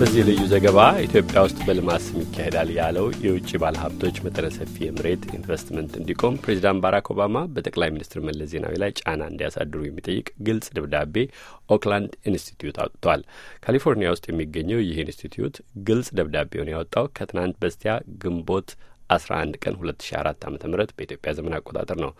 በዚህ ልዩ ዘገባ ኢትዮጵያ ውስጥ በልማት ስም ይካሄዳል ያለው የውጭ ባለሀብቶች መጠነ ሰፊ የመሬት ኢንቨስትመንት እንዲቆም ፕሬዚዳንት ባራክ ኦባማ በጠቅላይ ሚኒስትር መለስ ዜናዊ ላይ ጫና እንዲያሳድሩ የሚጠይቅ ግልጽ ደብዳቤ ኦክላንድ ኢንስቲትዩት አውጥቷል። ካሊፎርኒያ ውስጥ የሚገኘው ይህ ኢንስቲትዩት ግልጽ ደብዳቤውን ያወጣው ከትናንት በስቲያ ግንቦት 11 ቀን 2004 ዓ ም በኢትዮጵያ ዘመን አቆጣጠር ነው።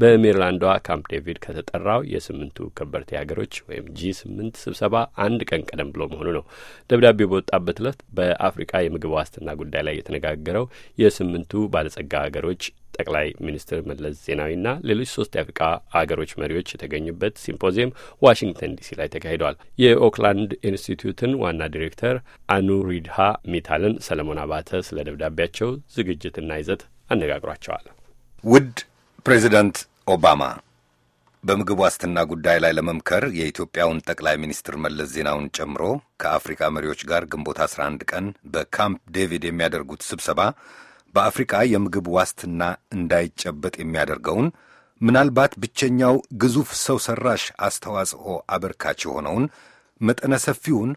በሜሪላንዷ ካምፕ ዴቪድ ከተጠራው የስምንቱ ከበርቴ ሀገሮች ወይም ጂ ስምንት ስብሰባ አንድ ቀን ቀደም ብሎ መሆኑ ነው። ደብዳቤው በወጣበት ዕለት በአፍሪቃ የምግብ ዋስትና ጉዳይ ላይ የተነጋገረው የስምንቱ ባለጸጋ ሀገሮች ጠቅላይ ሚኒስትር መለስ ዜናዊና ሌሎች ሶስት የአፍሪካ አገሮች መሪዎች የተገኙበት ሲምፖዚየም ዋሽንግተን ዲሲ ላይ ተካሂዷል። የኦክላንድ ኢንስቲትዩትን ዋና ዲሬክተር አኑሪድሃ ሚታልን ሰለሞን አባተ ስለ ደብዳቤያቸው ዝግጅትና ይዘት አነጋግሯቸዋል። ውድ ፕሬዚደንት ኦባማ በምግብ ዋስትና ጉዳይ ላይ ለመምከር የኢትዮጵያውን ጠቅላይ ሚኒስትር መለስ ዜናውን ጨምሮ ከአፍሪካ መሪዎች ጋር ግንቦት 11 ቀን በካምፕ ዴቪድ የሚያደርጉት ስብሰባ በአፍሪቃ የምግብ ዋስትና እንዳይጨበጥ የሚያደርገውን ምናልባት ብቸኛው ግዙፍ ሰው ሰራሽ አስተዋጽኦ አበርካች የሆነውን መጠነ ሰፊውን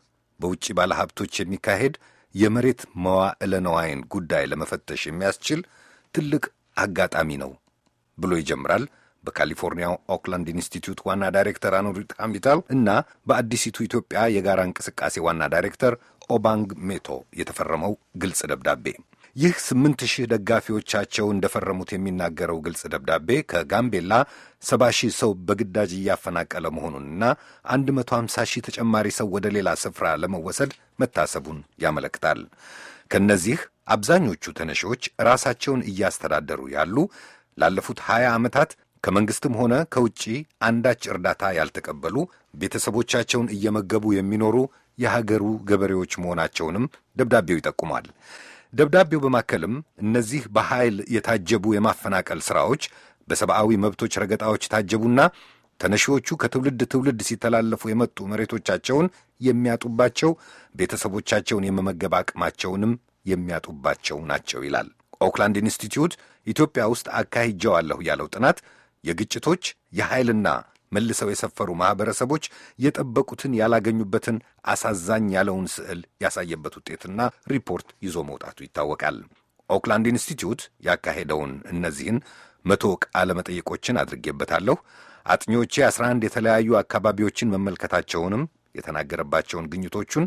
በውጭ ባለሀብቶች የሚካሄድ የመሬት መዋዕለ ነዋይን ጉዳይ ለመፈተሽ የሚያስችል ትልቅ አጋጣሚ ነው ብሎ ይጀምራል በካሊፎርኒያው ኦክላንድ ኢንስቲትዩት ዋና ዳይሬክተር አኑሪት ሃሚታል እና በአዲሲቱ ኢትዮጵያ የጋራ እንቅስቃሴ ዋና ዳይሬክተር ኦባንግ ሜቶ የተፈረመው ግልጽ ደብዳቤ ይህ ስምንት ሺህ ደጋፊዎቻቸው እንደፈረሙት የሚናገረው ግልጽ ደብዳቤ ከጋምቤላ ሰባ ሺህ ሰው በግዳጅ እያፈናቀለ መሆኑንና አንድ መቶ ሃምሳ ሺህ ተጨማሪ ሰው ወደ ሌላ ስፍራ ለመወሰድ መታሰቡን ያመለክታል። ከእነዚህ አብዛኞቹ ተነሺዎች ራሳቸውን እያስተዳደሩ ያሉ ላለፉት ሀያ ዓመታት ከመንግሥትም ሆነ ከውጪ አንዳች እርዳታ ያልተቀበሉ ቤተሰቦቻቸውን እየመገቡ የሚኖሩ የሀገሩ ገበሬዎች መሆናቸውንም ደብዳቤው ይጠቁማል። ደብዳቤው በማከልም እነዚህ በኃይል የታጀቡ የማፈናቀል ሥራዎች በሰብአዊ መብቶች ረገጣዎች ታጀቡና ተነሺዎቹ ከትውልድ ትውልድ ሲተላለፉ የመጡ መሬቶቻቸውን የሚያጡባቸው ቤተሰቦቻቸውን የመመገብ አቅማቸውንም የሚያጡባቸው ናቸው ይላል። ኦክላንድ ኢንስቲትዩት ኢትዮጵያ ውስጥ አካሂጀዋለሁ ያለው ጥናት የግጭቶች የኃይልና መልሰው የሰፈሩ ማኅበረሰቦች የጠበቁትን ያላገኙበትን አሳዛኝ ያለውን ስዕል ያሳየበት ውጤትና ሪፖርት ይዞ መውጣቱ ይታወቃል። ኦክላንድ ኢንስቲትዩት ያካሄደውን እነዚህን መቶ ቃለ መጠይቆችን አድርጌበታለሁ። አጥኚዎቼ 11 የተለያዩ አካባቢዎችን መመልከታቸውንም የተናገረባቸውን ግኝቶቹን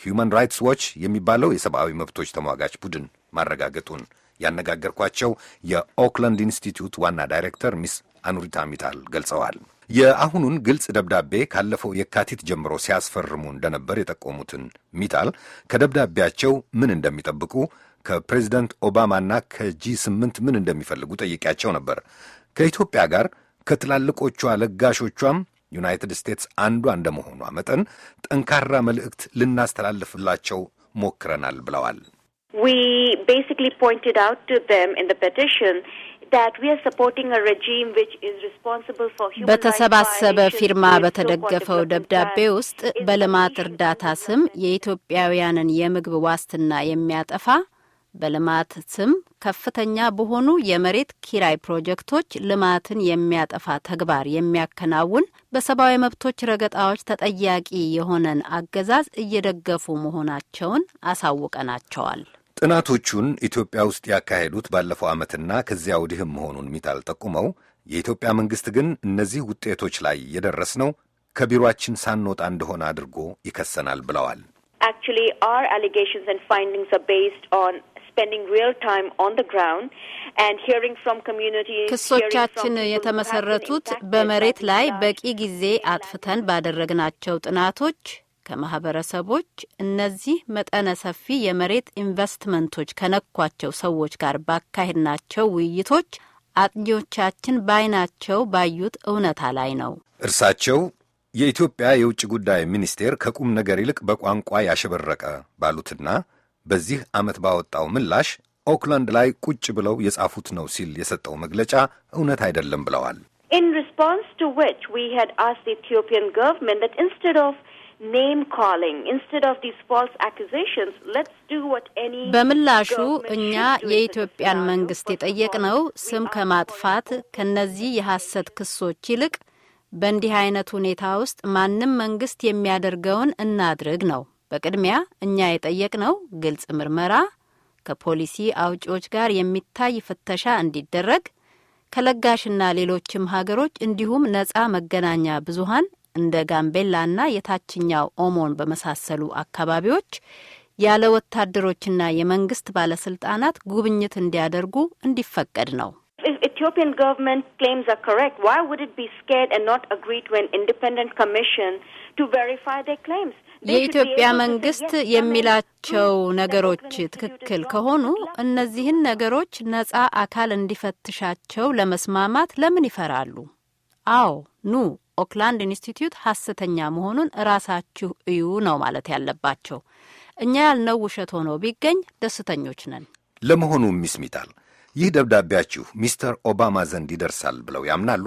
ሂውማን ራይትስ ዋች የሚባለው የሰብአዊ መብቶች ተሟጋች ቡድን ማረጋገጡን ያነጋገርኳቸው የኦክላንድ ኢንስቲትዩት ዋና ዳይሬክተር ሚስ አኑሪታ ሚታል ገልጸዋል። የአሁኑን ግልጽ ደብዳቤ ካለፈው የካቲት ጀምሮ ሲያስፈርሙ እንደነበር የጠቆሙትን ሚጣል ከደብዳቤያቸው ምን እንደሚጠብቁ ከፕሬዚደንት ኦባማና ከጂ ስምንት ምን እንደሚፈልጉ ጠይቄያቸው ነበር። ከኢትዮጵያ ጋር ከትላልቆቿ ለጋሾቿም ዩናይትድ ስቴትስ አንዷ እንደመሆኗ መጠን ጠንካራ መልእክት ልናስተላልፍላቸው ሞክረናል ብለዋል። We basically pointed out to them in the petition በተሰባሰበ ፊርማ በተደገፈው ደብዳቤ ውስጥ በልማት እርዳታ ስም የኢትዮጵያውያንን የምግብ ዋስትና የሚያጠፋ በልማት ስም ከፍተኛ በሆኑ የመሬት ኪራይ ፕሮጀክቶች ልማትን የሚያጠፋ ተግባር የሚያከናውን በሰብአዊ መብቶች ረገጣዎች ተጠያቂ የሆነን አገዛዝ እየደገፉ መሆናቸውን አሳውቀናቸዋል። ጥናቶቹን ኢትዮጵያ ውስጥ ያካሄዱት ባለፈው ዓመትና ከዚያ ወዲህም መሆኑን ሚታል ጠቁመው የኢትዮጵያ መንግሥት ግን እነዚህ ውጤቶች ላይ የደረስነው ከቢሮአችን ሳንወጣ እንደሆነ አድርጎ ይከሰናል ብለዋል። ክሶቻችን የተመሰረቱት በመሬት ላይ በቂ ጊዜ አጥፍተን ባደረግናቸው ጥናቶች ከማህበረሰቦች እነዚህ መጠነ ሰፊ የመሬት ኢንቨስትመንቶች ከነኳቸው ሰዎች ጋር ባካሄድናቸው ውይይቶች አጥኚዎቻችን ባይናቸው ባዩት እውነታ ላይ ነው። እርሳቸው የኢትዮጵያ የውጭ ጉዳይ ሚኒስቴር ከቁም ነገር ይልቅ በቋንቋ ያሸበረቀ ባሉትና በዚህ ዓመት ባወጣው ምላሽ ኦክላንድ ላይ ቁጭ ብለው የጻፉት ነው ሲል የሰጠው መግለጫ እውነት አይደለም ብለዋል። ኢን ሪስፖንስ ቱ ዊች ዊ አስክድ ኢትዮጵያን ገቨርንመንት ኢንስቴድ ኦፍ name calling instead of these false accusations let's do what any በምላሹ እኛ የኢትዮጵያን መንግስት የጠየቅነው ስም ከማጥፋት ከነዚህ የሐሰት ክሶች ይልቅ በእንዲህ አይነት ሁኔታ ውስጥ ማንም መንግስት የሚያደርገውን እናድርግ ነው። በቅድሚያ እኛ የጠየቅነው ግልጽ ምርመራ፣ ከፖሊሲ አውጪዎች ጋር የሚታይ ፍተሻ እንዲደረግ ከለጋሽና ሌሎችም ሀገሮች እንዲሁም ነጻ መገናኛ ብዙሃን እንደ ጋምቤላና የታችኛው ኦሞን በመሳሰሉ አካባቢዎች ያለ ወታደሮችና የመንግስት ባለስልጣናት ጉብኝት እንዲያደርጉ እንዲፈቀድ ነው። Ethiopian government claims are correct. Why would it be scared and not agree to an independent commission to verify their claims? የኢትዮጵያ መንግስት የሚላቸው ነገሮች ትክክል ከሆኑ እነዚህን ነገሮች ነጻ አካል እንዲፈትሻቸው ለመስማማት ለምን ይፈራሉ? አዎ ኑ ኦክላንድ ኢንስቲትዩት ሀሰተኛ መሆኑን እራሳችሁ እዩ ነው ማለት ያለባቸው። እኛ ያልነው ውሸት ሆኖ ቢገኝ ደስተኞች ነን። ለመሆኑ ሚስ ሚታል ይህ ደብዳቤያችሁ ሚስተር ኦባማ ዘንድ ይደርሳል ብለው ያምናሉ?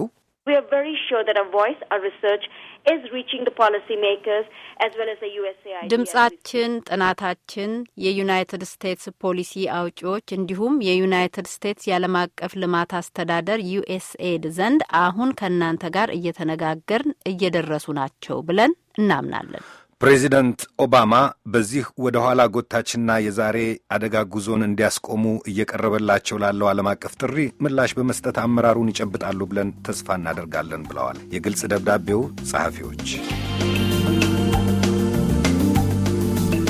We are very sure that our voice, our research is reaching the policymakers as well as the USAID. ድምጻችን፣ ጥናታችን የዩናይትድ ስቴትስ ፖሊሲ አውጪዎች እንዲሁም የዩናይትድ ስቴትስ የዓለም አቀፍ ልማት አስተዳደር ዩኤስኤድ ዘንድ አሁን ከእናንተ ጋር እየተነጋገርን እየደረሱ ናቸው ብለን እናምናለን። ፕሬዚደንት ኦባማ በዚህ ወደ ኋላ ጎታችና የዛሬ አደጋ ጉዞን እንዲያስቆሙ እየቀረበላቸው ላለው ዓለም አቀፍ ጥሪ ምላሽ በመስጠት አመራሩን ይጨብጣሉ ብለን ተስፋ እናደርጋለን ብለዋል የግልጽ ደብዳቤው ጸሐፊዎች።